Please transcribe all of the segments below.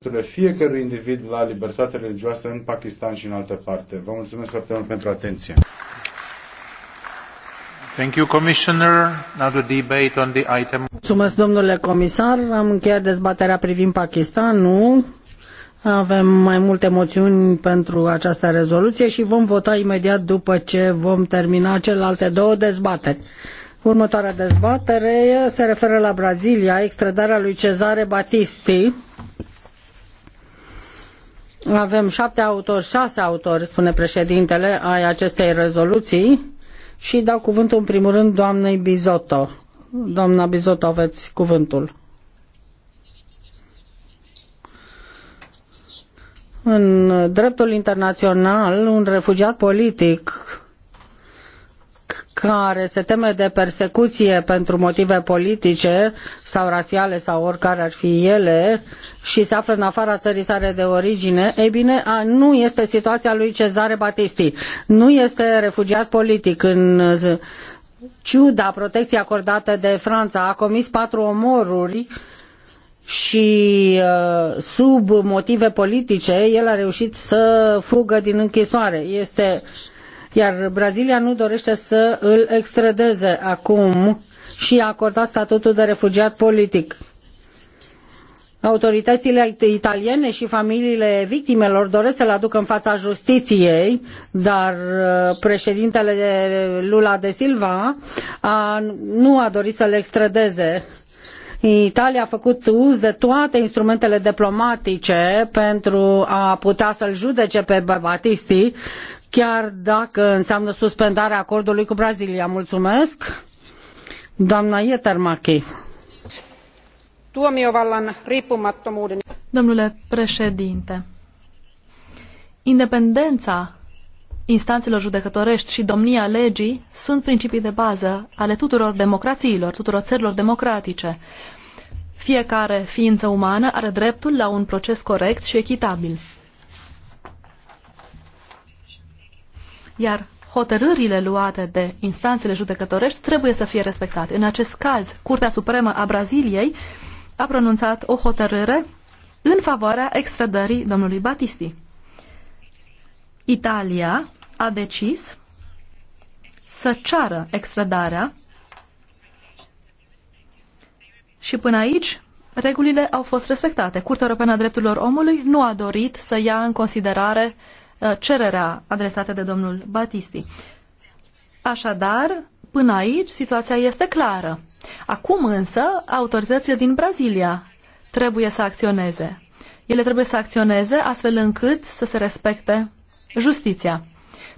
drepturile fiecărui individ la libertate religioasă în Pakistan și în altă parte. Vă mulțumesc foarte mult pentru atenție. Thank you, Commissioner. Now the debate on the item. Mulțumesc, domnule comisar. Am încheiat dezbaterea privind Pakistanul. Avem mai multe moțiuni pentru această rezoluție și vom vota imediat după ce vom termina celelalte două dezbateri. Următoarea dezbatere se referă la Brazilia, extradarea lui Cezare Batisti avem șapte autori, șase autori, spune președintele, ai acestei rezoluții și dau cuvântul în primul rând doamnei Bizotto. Doamna Bizotto, aveți cuvântul. În dreptul internațional, un refugiat politic care se teme de persecuție pentru motive politice sau rasiale sau oricare ar fi ele și se află în afara țării sale de origine, ei bine, nu este situația lui Cezare Batisti. Nu este refugiat politic în ciuda protecției acordate de Franța, a comis patru omoruri și uh, sub motive politice, el a reușit să fugă din închisoare. Este iar Brazilia nu dorește să îl extradeze acum și a acordat statutul de refugiat politic. Autoritățile italiene și familiile victimelor doresc să-l aducă în fața justiției, dar uh, președintele Lula de Silva a, nu a dorit să-l extradeze. Italia a făcut uz de toate instrumentele diplomatice pentru a putea să-l judece pe Batisti chiar dacă înseamnă suspendarea acordului cu Brazilia. Mulțumesc. Doamna Ietermachi. Domnule președinte, independența instanțelor judecătorești și domnia legii sunt principii de bază ale tuturor democrațiilor, tuturor țărilor democratice. Fiecare ființă umană are dreptul la un proces corect și echitabil. iar hotărârile luate de instanțele judecătorești trebuie să fie respectate. În acest caz, Curtea Supremă a Braziliei a pronunțat o hotărâre în favoarea extradării domnului Batisti. Italia a decis să ceară extradarea și până aici regulile au fost respectate. Curtea Europeană a Drepturilor Omului nu a dorit să ia în considerare uh, Uh, cererea adresată de domnul Batisti. Așadar, până aici situația este clară. Acum însă, autoritățile din Brazilia trebuie să acționeze. Ele trebuie să acționeze astfel încât să se respecte justiția.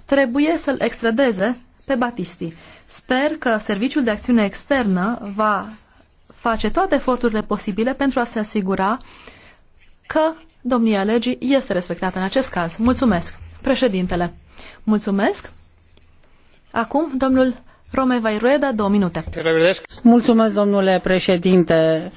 Trebuie să-l extradeze pe Batisti. Sper că Serviciul de Acțiune Externă va face toate eforturile posibile pentru a se asigura că domnia legii este respectată în acest caz. Mulțumesc, președintele. Mulțumesc. Acum, domnul Romeva Irueda, două minute. Mulțumesc, domnule președinte.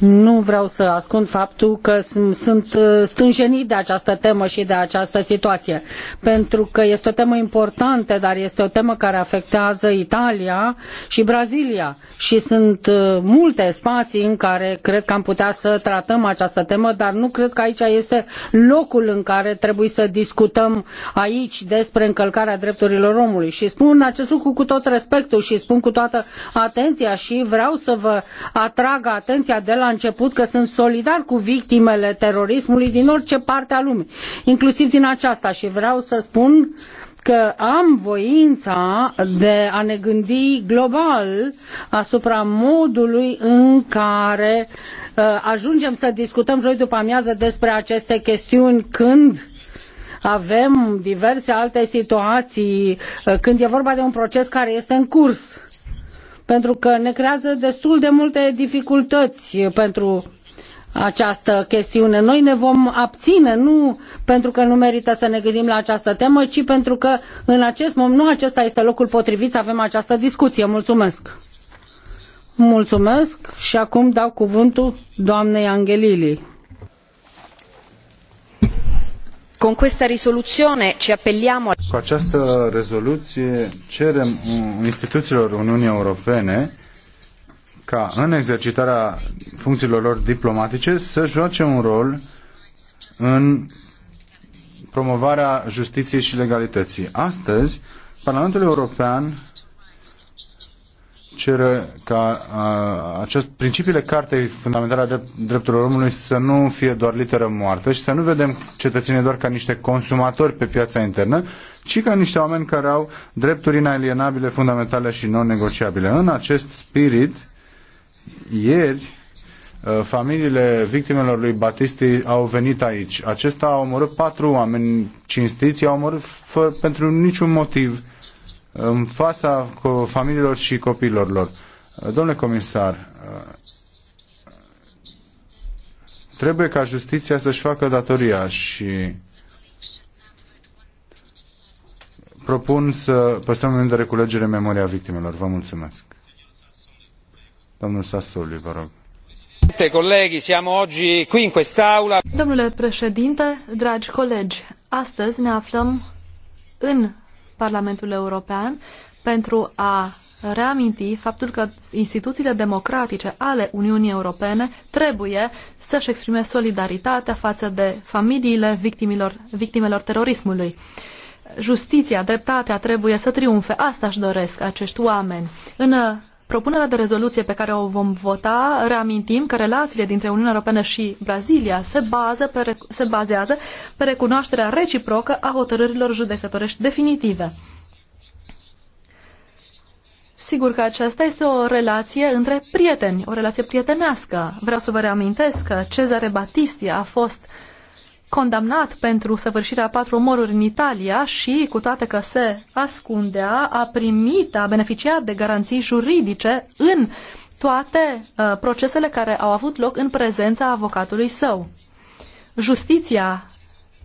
Nu vreau să ascund faptul că sunt uh, stânjenit de această temă și de această situație, pentru că este o temă importantă, dar este o temă care afectează Italia și Brazilia și sunt uh, multe spații în care cred că am putea să tratăm această temă, dar nu cred că aici este locul în care trebuie să discutăm aici despre încălcarea drepturilor omului. Și spun acest lucru cu tot respectul și spun cu toată atenția și vreau să vă atrag atenția de la la început că sunt solidar cu victimele terorismului din orice parte a lumii, inclusiv din aceasta și vreau să spun că am voința de a ne gândi global asupra modului în care uh, ajungem să discutăm joi după amiază despre aceste chestiuni când avem diverse alte situații, uh, când e vorba de un proces care este în curs pentru că ne creează destul de multe dificultăți pentru această chestiune. Noi ne vom abține nu pentru că nu merită să ne gândim la această temă, ci pentru că în acest moment nu acesta este locul potrivit să avem această discuție. Mulțumesc! Mulțumesc și acum dau cuvântul doamnei Angelili. Con questa risoluzione ci appelliamo... Cu această rezoluție cerem instituțiilor Uniunii Europene ca în exercitarea funcțiilor lor diplomatice să joace un rol în promovarea justiției și legalității. Astăzi, Parlamentul European cere ca acest, principiile Cartei Fundamentale a Drepturilor Omului să nu fie doar literă moartă și să nu vedem cetățenii doar ca niște consumatori pe piața internă, ci ca niște oameni care au drepturi inalienabile, fundamentale și non-negociabile. În acest spirit, ieri, familiile victimelor lui Batisti au venit aici. Acesta a omorât patru oameni cinstiți, i-a omorât fă, pentru niciun motiv în fața familiilor și copiilor lor. Domnule comisar, trebuie ca justiția să-și facă datoria și propun să păstrăm în de reculegere memoria victimelor. Vă mulțumesc. Domnul Sassoli, vă rog. Colegi, siamo oggi qui in quest'aula. Domnule președinte, dragi colegi, astăzi ne aflăm în Parlamentul European pentru a reaminti faptul că instituțiile democratice ale Uniunii Europene trebuie să-și exprime solidaritatea față de familiile victimilor, victimelor terorismului. Justiția, dreptatea trebuie să triumfe. Asta își doresc acești oameni. În propunerea de rezoluție pe care o vom vota, reamintim că relațiile dintre Uniunea Europeană și Brazilia se, bază pe, se bazează pe recunoașterea reciprocă a hotărârilor judecătorești definitive. Sigur că aceasta este o relație între prieteni, o relație prietenească. Vreau să vă reamintesc că Cezare Batistia a fost uh, condamnat pentru săvârșirea patru omoruri în Italia și, cu toate că se ascundea, a primit, a beneficiat de garanții juridice în toate uh, procesele care au avut loc în prezența avocatului său. Justiția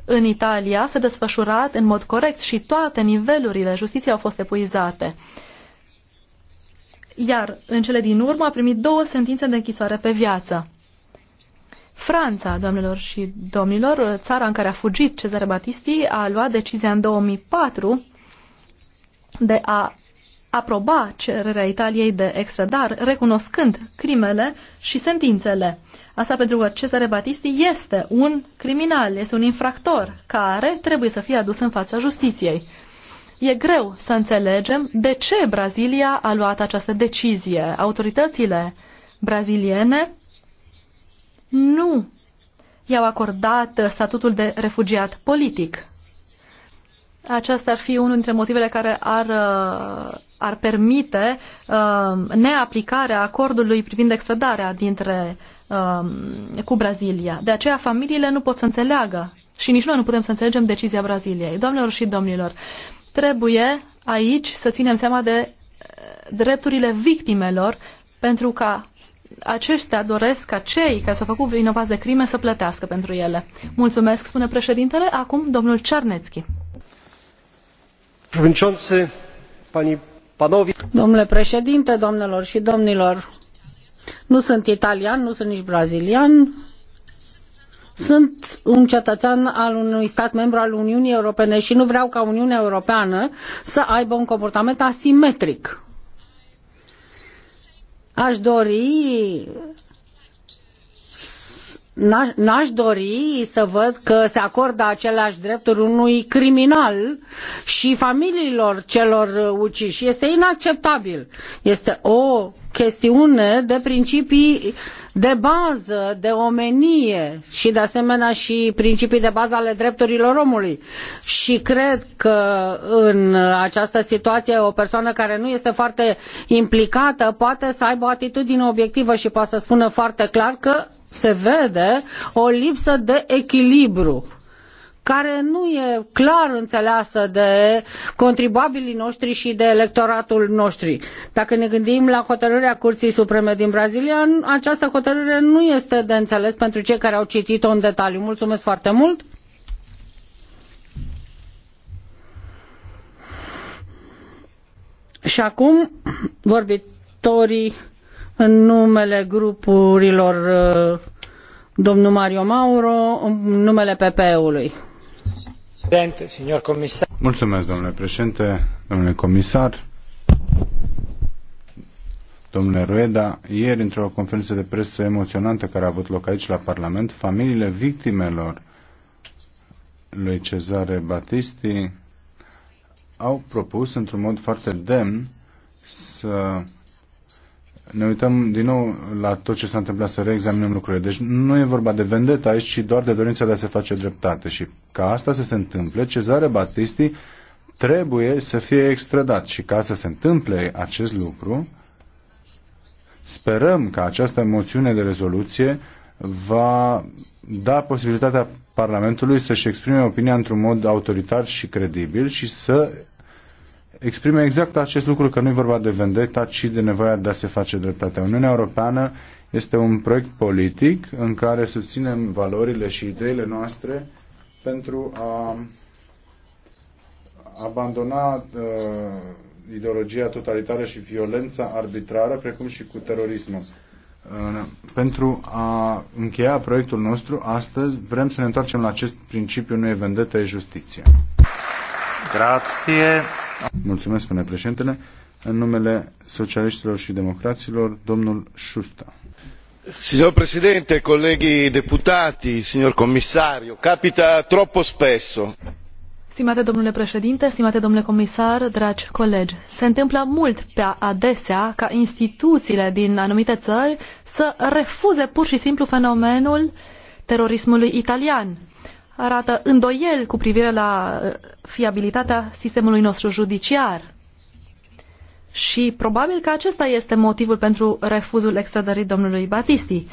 în Italia s-a desfășurat în mod corect și toate nivelurile justiției au fost epuizate. Iar în cele din urmă a primit două sentințe de închisoare pe viață. Franța, doamnelor și domnilor, țara în care a fugit Cezare Batisti, a luat decizia în 2004 de a aproba cererea Italiei de extradar, recunoscând crimele și sentințele. Asta pentru că Cezare Batisti este un criminal, este un infractor care trebuie să fie adus în fața justiției. E greu să înțelegem de ce Brazilia a luat această decizie. Autoritățile braziliene nu i-au acordat statutul de refugiat politic. Aceasta ar fi unul dintre motivele care ar, uh, ar permite uh, neaplicarea acordului privind extradarea dintre, uh, cu Brazilia. De aceea familiile nu pot să înțeleagă și nici noi nu putem să înțelegem decizia Braziliei. Doamnelor și domnilor, trebuie aici să ținem seama de uh, drepturile victimelor pentru ca aceștia doresc ca cei care s-au făcut vinovați de crime să plătească pentru ele. Mulțumesc, spune președintele. Acum domnul Cernețchi. Domnule președinte, domnilor și domnilor, nu sunt italian, nu sunt nici brazilian, sunt un cetățean al unui stat membru al Uniunii Europene și nu vreau ca Uniunea Europeană să aibă un comportament asimetric Aș dori N-aș dori să văd că se acordă aceleași drepturi unui criminal și familiilor celor uciși. Este inacceptabil. Este o chestiune de principii de bază, de omenie și de asemenea și principii de bază ale drepturilor omului. Și cred că în această situație o persoană care nu este foarte implicată poate să aibă o atitudine obiectivă și poate să spună foarte clar că se vede o lipsă de echilibru care nu e clar înțeleasă de contribuabilii noștri și de electoratul noștri. Dacă ne gândim la hotărârea Curții Supreme din Brazilia, această hotărâre nu este de înțeles pentru cei care au citit-o în detaliu. Mulțumesc foarte mult! Și acum, vorbitorii în numele grupurilor uh, domnul Mario Mauro, în numele PP-ului. Mulțumesc, domnule președinte, domnule comisar, domnule Rueda. Ieri, într-o conferință de presă emoționantă care a avut loc aici la Parlament, familiile victimelor lui Cezare Batisti au propus într-un mod foarte demn să ne uităm din nou la tot ce s-a întâmplat, să reexaminăm lucrurile. Deci nu e vorba de vendetă aici, ci doar de dorința de a se face dreptate. Și ca asta să se întâmple, Cezare Batisti trebuie să fie extradat. Și ca să se întâmple acest lucru, sperăm că această moțiune de rezoluție va da posibilitatea Parlamentului să-și exprime opinia într-un mod autoritar și credibil și să exprime exact acest lucru, că nu e vorba de vendeta, ci de nevoia de a se face dreptate. Uniunea Europeană este un proiect politic în care susținem valorile și ideile noastre pentru a abandona uh, ideologia totalitară și violența arbitrară, precum și cu terorismul. Uh, pentru a încheia proiectul nostru, astăzi vrem să ne întoarcem la acest principiu nu e vendetă, e justiție. Grazie. Mulțumesc, spune președintele. În numele socialiștilor și democraților, domnul Șusta. Signor Presidente, colleghi deputati, signor Commissario, capita troppo spesso. Stimate domnule președinte, stimate domnule comisar, dragi colegi, se întâmplă mult pe adesea ca instituțiile din anumite țări să refuze pur și simplu fenomenul terorismului italian arată îndoieli cu privire la uh, fiabilitatea sistemului nostru judiciar. Și probabil că acesta este motivul pentru refuzul extradării domnului Batisti.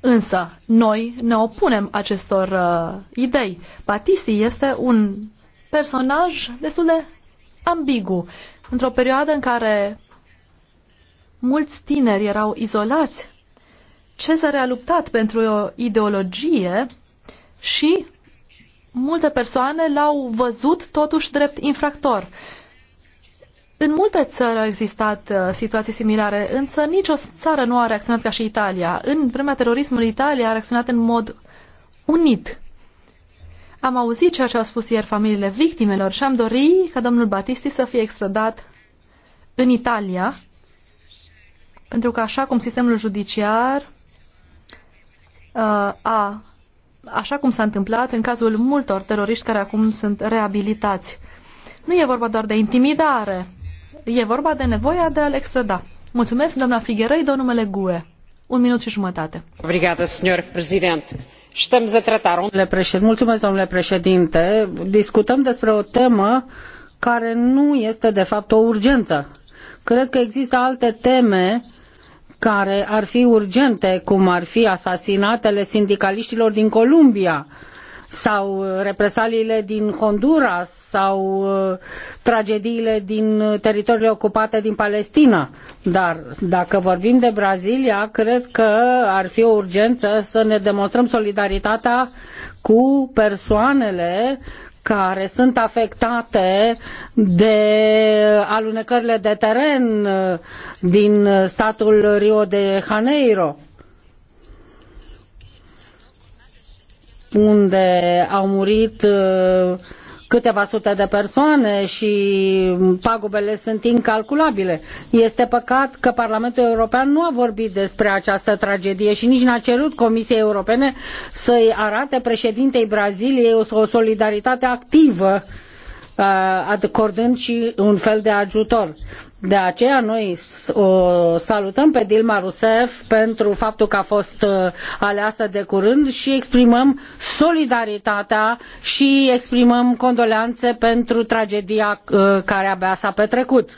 Însă, noi ne opunem acestor uh, idei. Batisti este un personaj destul de ambigu. Într-o perioadă în care mulți tineri erau izolați, Cezar a luptat pentru o ideologie și multe persoane l-au văzut totuși drept infractor. În multe țări au existat uh, situații similare, însă nicio țară nu a reacționat ca și Italia. În vremea terorismului, Italia a reacționat în mod unit. Am auzit ceea ce au spus ieri familiile victimelor și am dorit ca domnul Batisti să fie extradat în Italia, pentru că așa cum sistemul judiciar uh, a așa cum s-a întâmplat în cazul multor teroriști care acum sunt reabilitați. Nu e vorba doar de intimidare, e vorba de nevoia de a-l extrada. Mulțumesc, doamna Figherăi, de numele GUE. Un minut și jumătate. Obrigada, senhor presidente. Estamos a tratar um- Mulțumesc, domnule președinte. Discutăm despre o temă care nu este, de fapt, o urgență. Cred că există alte teme uh, care ar fi urgente, cum ar fi asasinatele sindicaliștilor din Columbia sau uh, represaliile din Honduras sau uh, tragediile din uh, teritoriile ocupate din Palestina. Dar dacă vorbim de Brazilia, cred că ar fi o urgență să ne demonstrăm solidaritatea cu persoanele care sunt afectate de alunecările de teren din statul Rio de Janeiro, unde au murit uh, câteva sute de persoane și pagubele sunt incalculabile. Este păcat că Parlamentul European nu a vorbit despre această tragedie și nici n-a cerut Comisiei Europene să-i arate președintei Braziliei o solidaritate activă Uh, acordând și un fel de ajutor. De aceea noi o salutăm pe Dilma Rousseff pentru faptul că a fost uh, aleasă de curând și exprimăm solidaritatea și exprimăm condoleanțe pentru tragedia uh, care abia s-a petrecut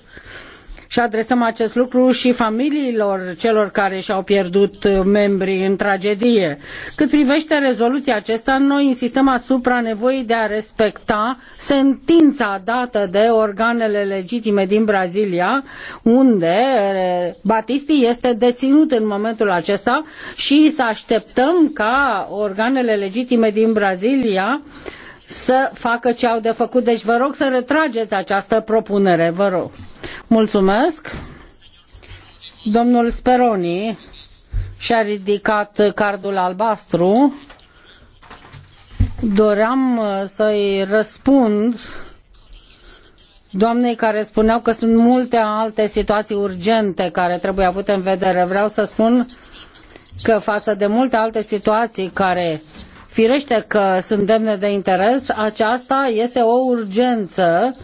și adresăm acest lucru și familiilor celor care și-au pierdut membrii în tragedie. Cât privește rezoluția aceasta, noi insistăm asupra nevoii de a respecta sentința dată de organele legitime din Brazilia, unde eh, Batisti este deținut în momentul acesta și să așteptăm ca organele legitime din Brazilia să facă ce au de făcut. Deci vă rog să retrageți această propunere, vă rog. Mulțumesc. Domnul Speroni și-a ridicat cardul albastru. Doream uh, să-i răspund doamnei care spuneau că sunt multe alte situații urgente care trebuie avute în vedere. Vreau să spun că față de multe alte situații care Firește că sunt demne de interes, aceasta este o urgență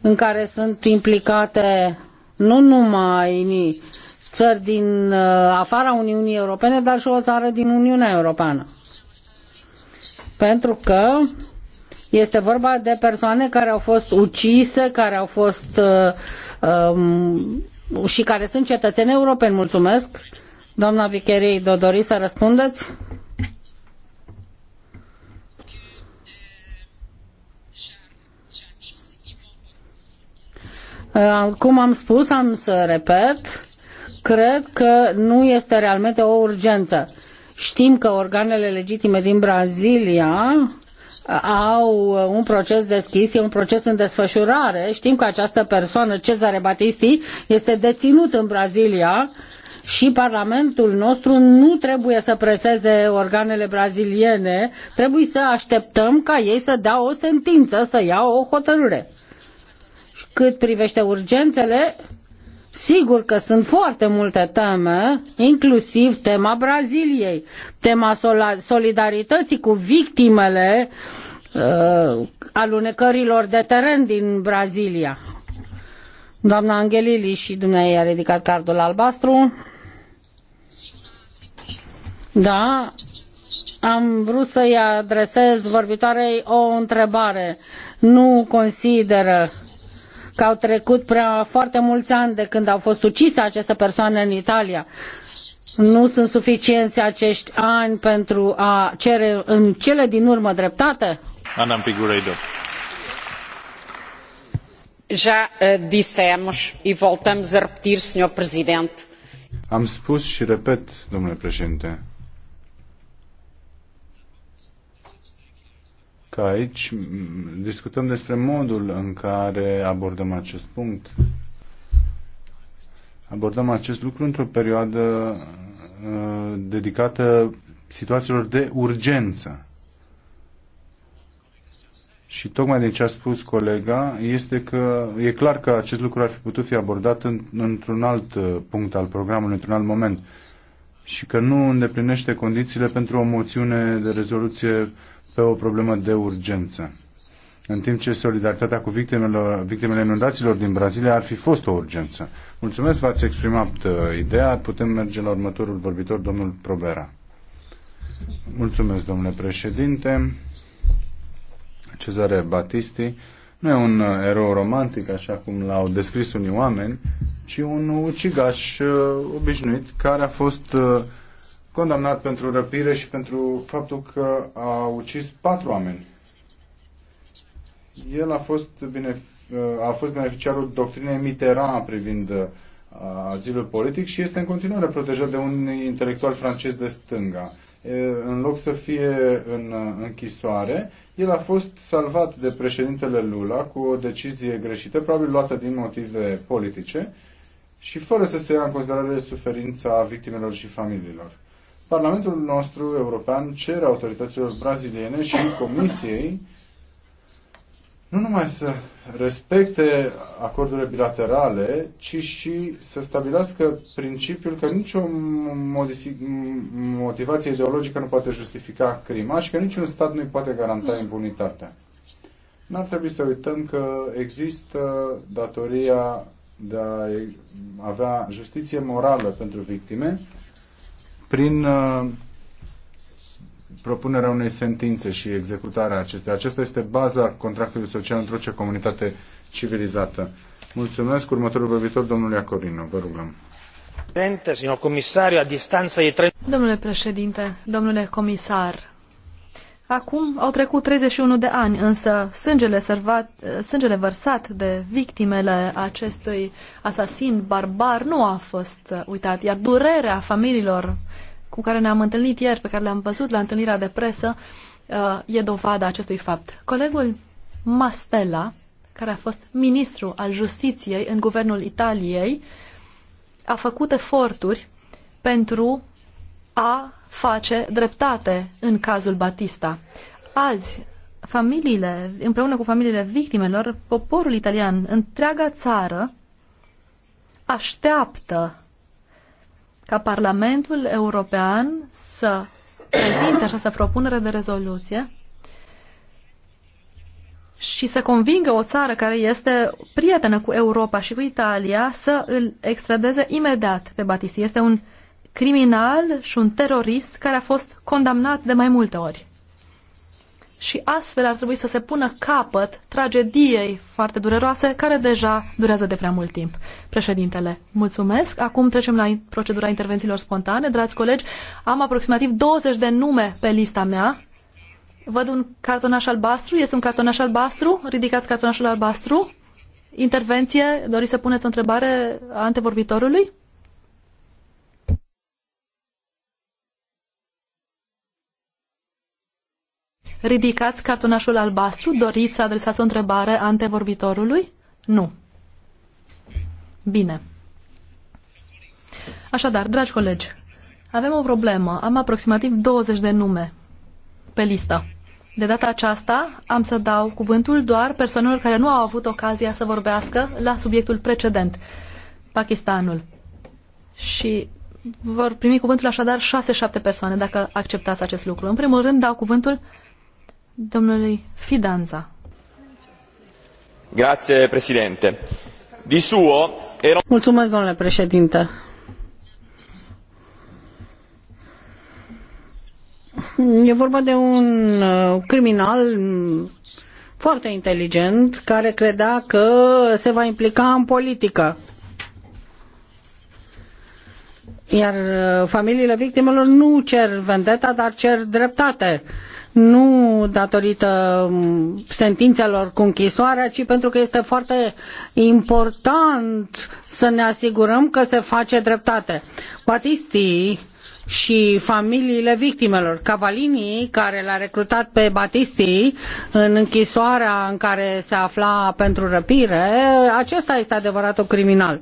în care sunt implicate nu numai țări din uh, afara Uniunii Europene, dar și o țară din Uniunea Europeană. Pentru că este vorba de persoane care au fost ucise, care au fost uh, um, și care sunt cetățeni europeni. Mulțumesc. Doamna Vicheriei, doriți să răspundeți? Cum am spus, am să repet, cred că nu este realmente o urgență. Știm că organele legitime din Brazilia uh, au uh, un proces deschis, e un proces în desfășurare. Știm că această persoană, Cezare Batisti, este deținut în Brazilia și Parlamentul nostru nu trebuie să preseze organele braziliene, trebuie să așteptăm ca ei să dea o sentință, să ia o hotărâre. Cât privește urgențele, Sigur că sunt foarte multe teme, inclusiv tema Braziliei, tema solidarității cu victimele uh, alunecărilor de teren din Brazilia. Doamna Angelili și dumneavoastră a ridicat cardul albastru. Da, am vrut să-i adresez vorbitoarei o întrebare. Nu consideră uh, că au trecut prea foarte mulți ani de când au fost ucise aceste persoane în Italia. Nu sunt suficienți acești ani pentru a cere în cele din urmă dreptate? Ana Pigureido. Já eh, dissemos e voltamos a repetir, Sr. Presidente. Am spus și repet, domnule președinte, că aici discutăm despre modul în care abordăm acest punct. Abordăm acest lucru într-o perioadă uh, dedicată situațiilor de urgență. Și tocmai din ce a spus colega, este că e clar că acest lucru ar fi putut fi abordat în, într-un alt uh, punct al programului, într-un alt moment și că nu îndeplinește condițiile pentru o moțiune de rezoluție pe o problemă de urgență. În timp ce solidaritatea cu victimele, victimele inundațiilor din Brazilia ar fi fost o urgență. Mulțumesc, v-ați exprimat uh, ideea. Putem merge la următorul vorbitor, domnul Probera. Mulțumesc, domnule președinte. Cezare Batisti nu e un uh, erou romantic, așa cum l-au descris unii oameni, ci un ucigaș uh, obișnuit care a fost uh, condamnat pentru răpire și pentru faptul că a ucis patru oameni. El a fost, bine, uh, a fost beneficiarul doctrinei Mitterrand privind uh, azilul politic și este în continuare protejat de un intelectual francez de stânga. În loc să fie în uh, închisoare, el a fost salvat de președintele Lula cu o decizie greșită, probabil luată din motive politice și fără să se ia în considerare suferința victimelor și familiilor. Parlamentul nostru european cere autorităților braziliene și Comisiei nu numai să respecte acordurile bilaterale, ci și să stabilească principiul că nicio motivație ideologică nu poate justifica crima și că niciun stat nu îi poate garanta impunitatea. N-ar trebui să uităm că există datoria de a avea justiție morală pentru victime prin uh, propunerea unei sentințe și executarea acesteia. Aceasta este baza contractului social într-o ce comunitate civilizată. Mulțumesc. Următorul vorbitor, domnul Iacorino. Vă rugăm. Domnule președinte, domnule comisar, acum au trecut 31 de ani, însă sângele, sărvat, sângele vărsat de victimele acestui asasin barbar nu a fost uitat, iar durerea familiilor cu care ne-am întâlnit ieri, pe care le-am văzut la întâlnirea de presă, uh, e dovada acestui fapt. Colegul Mastella, care a fost ministru al justiției în guvernul Italiei, a făcut eforturi pentru a face dreptate în cazul Batista. Azi, familiile, împreună cu familiile victimelor, poporul italian, întreaga țară, așteaptă ca Parlamentul European să prezinte această propunere de rezoluție și să convingă o țară care este prietenă cu Europa și cu Italia să îl extradeze imediat pe Battisti. Este un criminal și un terorist care a fost condamnat de mai multe ori și astfel ar trebui să se pună capăt tragediei foarte dureroase care deja durează de prea mult timp. Președintele, mulțumesc. Acum trecem la procedura intervențiilor spontane. Dragi colegi, am aproximativ 20 de nume pe lista mea. Văd un cartonaș albastru. Este un cartonaș albastru? Ridicați cartonașul albastru. Intervenție. Doriți să puneți o întrebare antevorbitorului? Ridicați cartonașul albastru? Doriți să adresați o întrebare antevorbitorului? Nu. Bine. Așadar, dragi colegi, avem o problemă. Am aproximativ 20 de nume pe listă. De data aceasta am să dau cuvântul doar persoanelor care nu au avut ocazia să vorbească la subiectul precedent, Pakistanul. Și vor primi cuvântul așadar 6-7 persoane dacă acceptați acest lucru. În primul rând dau cuvântul Mulțumesc, domnule președinte. E vorba de un uh, criminal mm, foarte inteligent care credea că se va implica în politică. Iar uh, familiile victimelor nu cer vendeta, dar cer dreptate. Uh, nu datorită mm, sentințelor cu închisoarea, ci pentru că este foarte important să ne asigurăm că se face dreptate. Batisti și familiile victimelor. Cavalini, care l-a recrutat pe Batisti în închisoarea în care se afla pentru răpire, acesta este adevăratul criminal.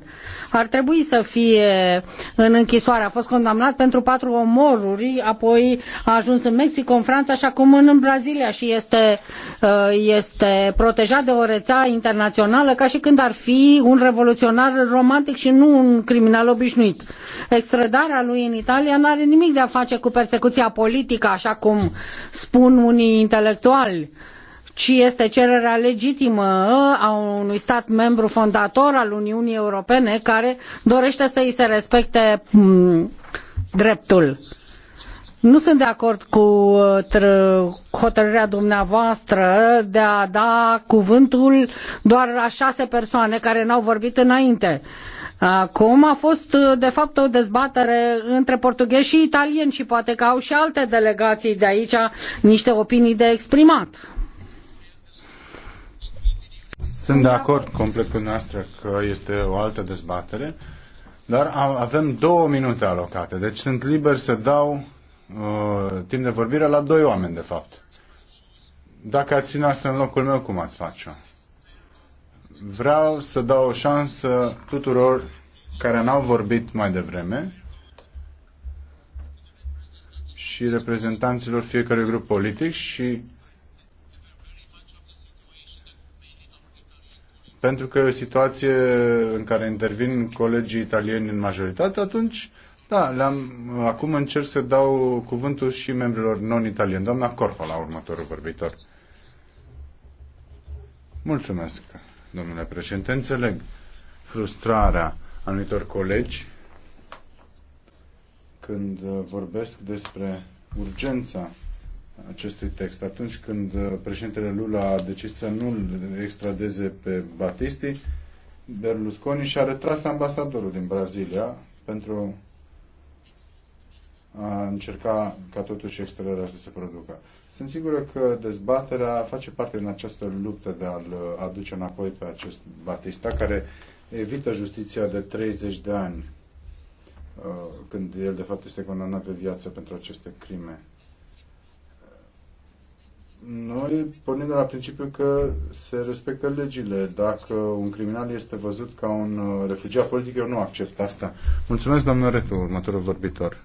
Ar trebui să fie în închisoare. A fost condamnat pentru patru omoruri, apoi a ajuns în Mexic, în Franța și acum în Brazilia și este, uh, este protejat de o rețea internațională ca și când ar fi un revoluționar romantic și nu un criminal obișnuit. Extradarea lui în Italia n-a are nimic de a face cu persecuția politică, așa cum spun unii intelectuali ci este cererea legitimă a unui stat membru fondator al Uniunii Europene care dorește să îi se respecte mm, dreptul. Nu sunt de acord cu hotărârea dumneavoastră de a da cuvântul doar a șase persoane care n-au vorbit înainte. Uh, Acum a fost, uh, de fapt, o dezbatere între portughezi și italieni și poate că au și alte delegații de aici niște opinii de exprimat. Sunt de acord complet cu noastră că este o altă dezbatere, dar avem două minute alocate, deci sunt liber să dau uh, timp de vorbire la doi oameni, de fapt. Dacă ați fi noastră în locul meu, cum ați face-o? vreau să dau o șansă tuturor care n-au vorbit mai devreme și reprezentanților fiecărui grup politic și pentru că e o situație în care intervin colegii italieni în majoritate, atunci, da, le-am, acum încerc să dau cuvântul și membrilor non-italieni. Doamna Corpa, la următorul vorbitor. Mulțumesc domnule președinte. Înțeleg frustrarea anumitor colegi când uh, vorbesc despre urgența acestui text. Atunci când uh, președintele Lula a decis să nu-l extradeze pe Batisti, Berlusconi și-a retras ambasadorul din Brazilia pentru a încerca ca totuși extraderea să se producă. Sunt sigur că dezbaterea face parte din această luptă de a-l aduce înapoi pe acest Batista, care evită justiția de 30 de ani, uh, când el de fapt este condamnat pe viață pentru aceste crime. Noi pornim de la principiu că se respectă legile. Dacă un criminal este văzut ca un uh, refugiat politic, eu nu accept asta. Mulțumesc, doamnă Retu, următorul vorbitor.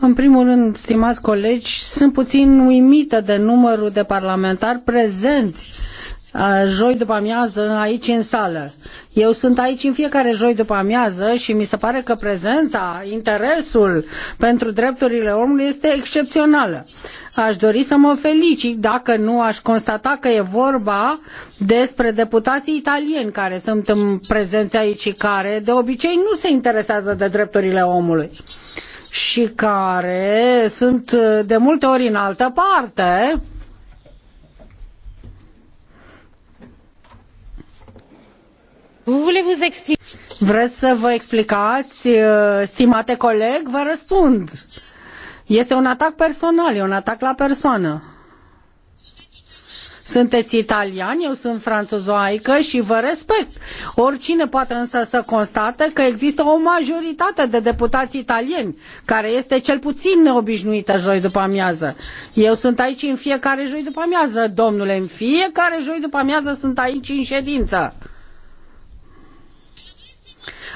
în primul rând, stimai colegi, sunt puțin uimită de numărul de parlamentari dezbatere joi după amiază aici în sală. Eu sunt aici în fiecare joi după amiază și mi se pare că prezența, interesul pentru drepturile omului este excepțională. Aș dori să mă felicit dacă nu aș constata că e vorba despre deputații italieni care sunt în prezență aici și care de obicei nu se interesează de drepturile omului și care sunt de multe ori în altă parte Vreți să vă explicați, uh, stimate coleg? Vă răspund. Este un atac personal, e un atac la persoană. Sunteți italiani, eu sunt franțuzoaică și vă respect. Oricine poate însă să constate că există o majoritate de deputați italieni, care este cel puțin neobișnuită joi după amiază. Eu sunt aici în fiecare joi după amiază, domnule, în fiecare joi după amiază sunt aici în ședință.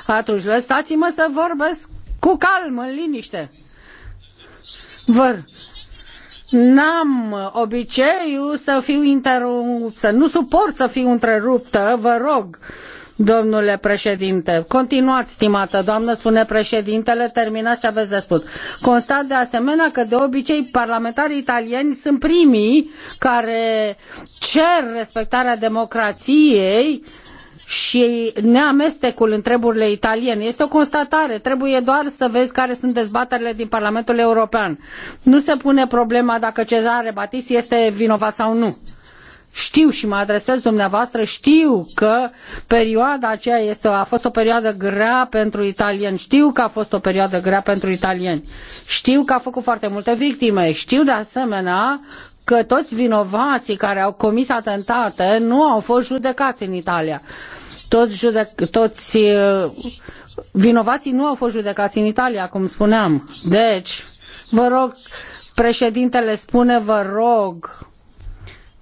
Atunci lăsați-mă să vorbesc cu calm, în liniște. Vă, n-am obiceiul să fiu să nu suport să fiu întreruptă, vă rog, domnule președinte. Continuați, stimată doamnă, spune președintele, terminați ce aveți de spus. Constat de asemenea că de obicei parlamentarii italieni sunt primii care cer respectarea democrației și neamestecul în treburile italiene. Este o constatare, trebuie doar să vezi care sunt dezbaterile din Parlamentul European. Nu se pune problema dacă Cezare Batisti este vinovat sau nu. Știu și mă adresez dumneavoastră, știu că perioada aceea este, a fost o perioadă grea pentru italieni, știu că a fost o perioadă grea pentru italieni, știu că a făcut foarte multe victime, știu de asemenea că toți vinovații care au comis atentate nu au fost judecați în Italia. Toți, judec- toți uh, vinovații nu au fost judecați în Italia, cum spuneam. Deci, vă rog, președintele spune, vă rog,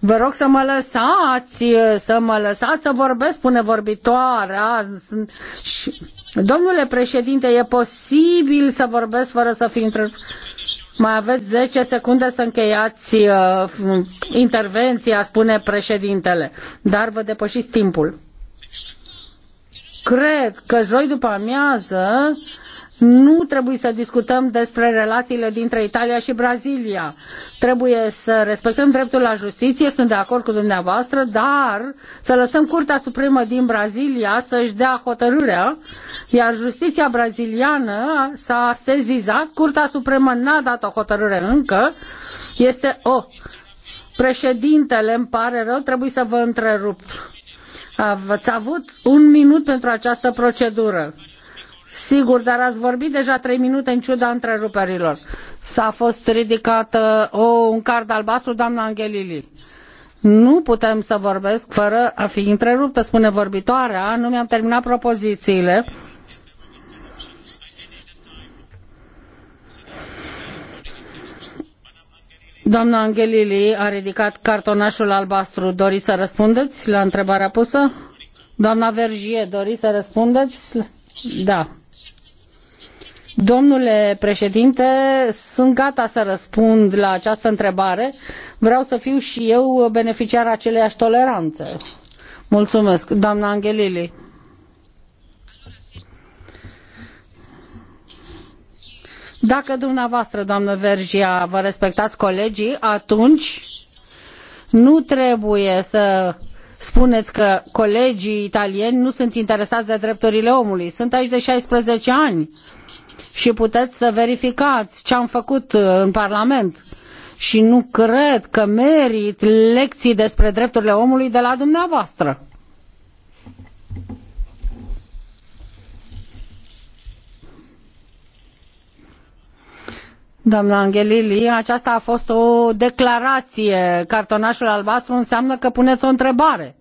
Vă rog să mă lăsați, uh, să mă lăsați să vorbesc, spune vorbitoarea. Domnule președinte, e posibil să vorbesc fără să fi întrerupt? Mai aveți zece secunde să încheiați uh, intervenția, spune președintele, dar vă depășiți timpul. Cred că joi după amiază nu trebuie să discutăm despre relațiile dintre Italia și Brazilia. Trebuie să respectăm dreptul la justiție, sunt de acord cu dumneavoastră, dar să lăsăm Curtea Supremă din Brazilia să-și dea hotărârea, iar justiția braziliană s-a sezizat, Curtea Supremă n-a dat o hotărâre încă, este o. Oh, președintele, îmi pare rău, trebuie să vă întrerup. Ați avut un minut pentru această procedură. Sigur, dar ați vorbit deja trei minute în ciuda întreruperilor. S-a fost ridicat o, un card albastru, doamna Angelili. Nu putem să vorbesc fără a fi întreruptă, spune vorbitoarea. Nu mi-am terminat propozițiile. Doamna Angelili a ridicat cartonașul albastru. Doriți să răspundeți la întrebarea pusă? Doamna Vergie, doriți să răspundeți? Da. Domnule președinte, sunt gata să răspund la această întrebare. Vreau să fiu și eu beneficiar aceleiași toleranțe. Mulțumesc, doamna Angelili. Dacă dumneavoastră, doamnă Vergia, vă respectați colegii, atunci nu trebuie să spuneți că colegii italieni nu sunt interesați de drepturile omului. Sunt aici de 16 ani și puteți să verificați ce am făcut uh, în Parlament. Și nu cred că merit lecții despre drepturile omului de la dumneavoastră. Doamna Angelili, aceasta a fost o declarație. Cartonașul albastru înseamnă că puneți o întrebare.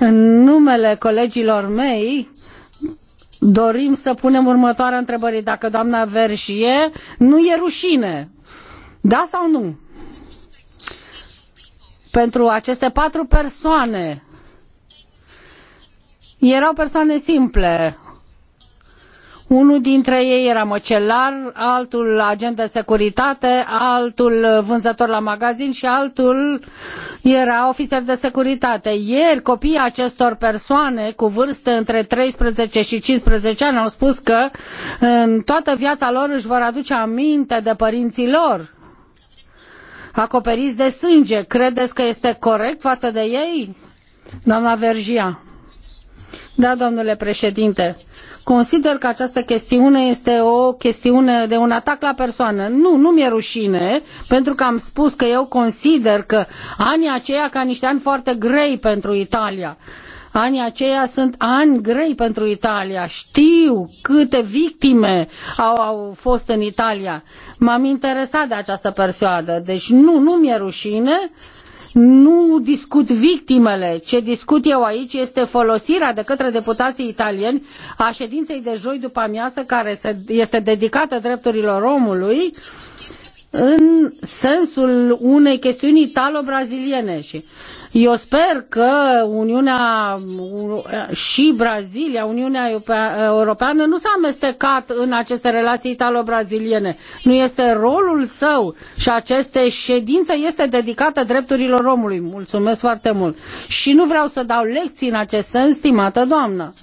În numele colegilor mei, dorim să punem următoarea întrebare. Dacă doamna Verșie nu e rușine, da sau nu? Pentru aceste patru persoane erau persoane simple. Unul dintre ei era măcelar, altul agent de securitate, altul vânzător la magazin și altul era ofițer de securitate. Ieri copiii acestor persoane cu vârste între 13 și 15 ani au spus că în toată viața lor își vor aduce aminte de părinții lor acoperiți de sânge. Credeți că este corect față de ei? Doamna Vergia. Da, domnule președinte, consider că această chestiune este o chestiune de un atac la persoană. Nu, nu mi-e rușine, pentru că am spus că eu consider că anii aceia ca niște ani foarte grei pentru Italia. Anii aceia sunt ani grei pentru Italia. Știu câte victime au, au fost în Italia. M-am interesat de această perioadă. Deci nu, nu mi-e rușine, nu discut victimele. Ce discut eu aici este folosirea de către deputații italieni a ședinței de joi după amiază care este dedicată drepturilor omului în sensul unei chestiuni italo-braziliene și eu sper că Uniunea și Brazilia, Uniunea Europeană nu s-a amestecat în aceste relații italo-braziliene. Nu este rolul său și aceste ședințe este dedicată drepturilor omului. Mulțumesc foarte mult. Și nu vreau să dau lecții în acest sens, stimată doamnă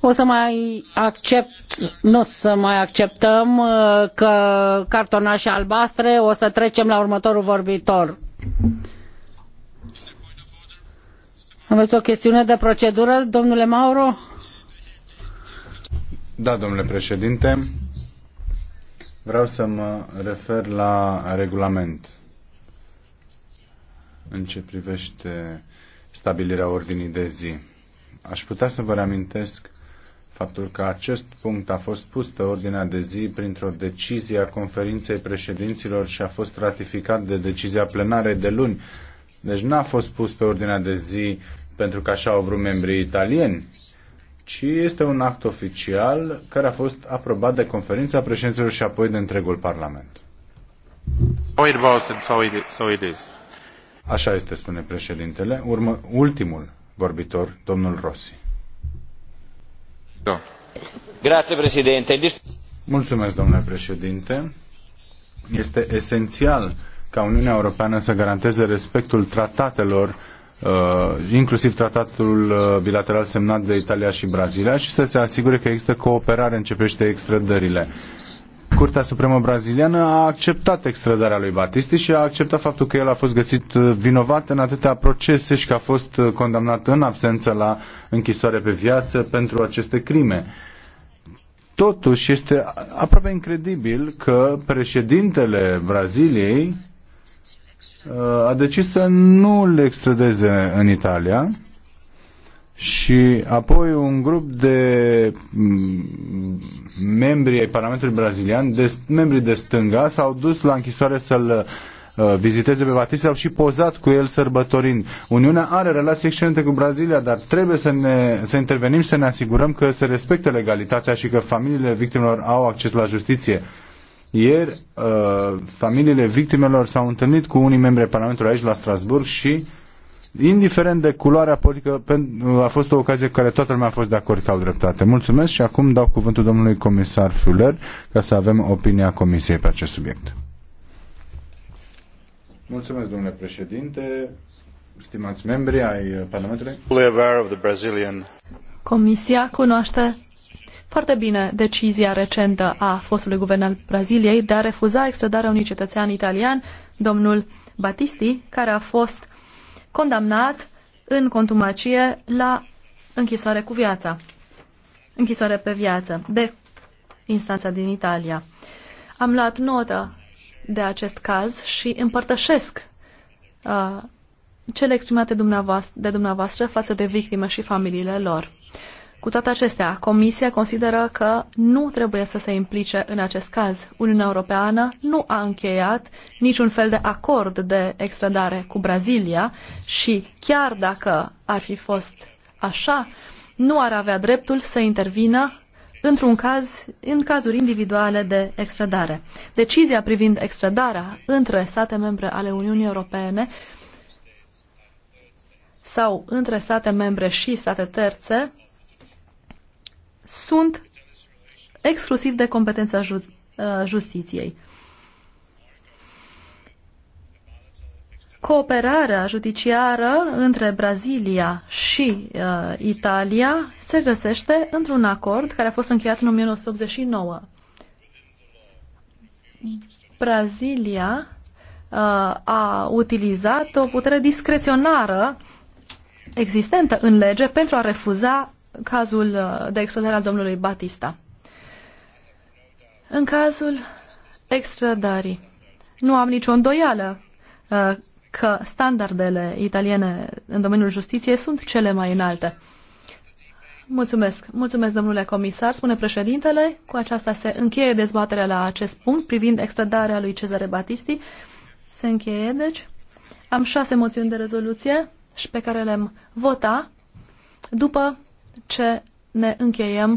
o să mai accept, nu o să mai acceptăm uh, că cartonașe albastre, o să trecem la următorul vorbitor. Aveți o chestiune de procedură, domnule Mauro? Da, domnule președinte. Vreau să mă refer la regulament în ce privește stabilirea ordinii de zi. Aș putea să vă reamintesc faptul că acest punct a fost pus pe ordinea de zi printr-o decizie a conferinței președinților și a fost ratificat de decizia plenare de luni. Deci n-a fost pus pe ordinea de zi pentru că așa au vrut membrii italieni, ci este un act oficial care a fost aprobat de conferința președinților și apoi de întregul Parlament. Așa este, spune președintele. Urmă, ultimul vorbitor, domnul Rossi. Da. Deci- Mulțumesc, domnule președinte. Este esențial ca Uniunea Europeană să garanteze respectul tratatelor uh, inclusiv tratatul uh, bilateral semnat de Italia și Brazilia și să se asigure că există cooperare în ce privește extrădările. Curtea Supremă Braziliană a acceptat extradarea lui Batisti și a acceptat faptul că el a fost găsit uh, vinovat în atâtea procese și că a fost uh, condamnat în absență la închisoare pe viață pentru aceste crime. Totuși este aproape incredibil că președintele Braziliei uh, a decis să nu le extradeze în Italia și apoi un grup de mm, membri ai Parlamentului Brazilian, de, membri de stânga, s-au dus la închisoare să-l uh, viziteze pe Batista, au și pozat cu el sărbătorind. Uniunea are relații excelente cu Brazilia, dar trebuie să, ne, să intervenim și să ne asigurăm că se respectă legalitatea și că familiile victimelor au acces la justiție. Ieri, uh, familiile victimelor s-au întâlnit cu unii membri ai Parlamentului aici la Strasburg și uh, indiferent de culoarea politică, a fost o ocazie cu care toată lumea a fost de acord că au dreptate. Mulțumesc și acum dau cuvântul domnului comisar Fuller ca să avem opinia Comisiei pe acest subiect. Mulțumesc, domnule președinte, stimați membri ai Parlamentului. Comisia cunoaște foarte bine decizia recentă a fostului guvern al Braziliei de a refuza extradarea unui cetățean italian, domnul Batisti, care a fost condamnat în contumacie la închisoare cu viața, închisoare pe viață de instanța din Italia. Am luat notă de acest caz și împărtășesc uh, cele exprimate dumneavoastră, de dumneavoastră față de victime și familiile lor. Cu toate acestea, Comisia consideră că nu trebuie să se implice în acest caz. Uniunea Europeană nu a încheiat niciun fel de acord de extradare cu Brazilia și chiar dacă ar fi fost așa, nu ar avea dreptul să intervină într-un caz, în cazuri individuale de extradare. Decizia privind extradarea între state membre ale Uniunii Europene sau între state membre și state terțe sunt exclusiv de competența ju uh, justiției. Cooperarea judiciară între Brazilia și uh, Italia se găsește într-un acord care a fost încheiat în 1989. Brazilia uh, a utilizat o putere discreționară existentă în lege pentru a refuza cazul uh, de extradare al domnului Batista. În cazul extradării, nu am nicio îndoială uh, că standardele italiene în domeniul justiției sunt cele mai înalte. Mulțumesc. Mulțumesc, domnule comisar, spune președintele. Cu aceasta se încheie dezbaterea la acest punct privind extradarea lui Cezare Batisti. Se încheie, deci. Am șase moțiuni de rezoluție și pe care le-am vota după ce ne încheiem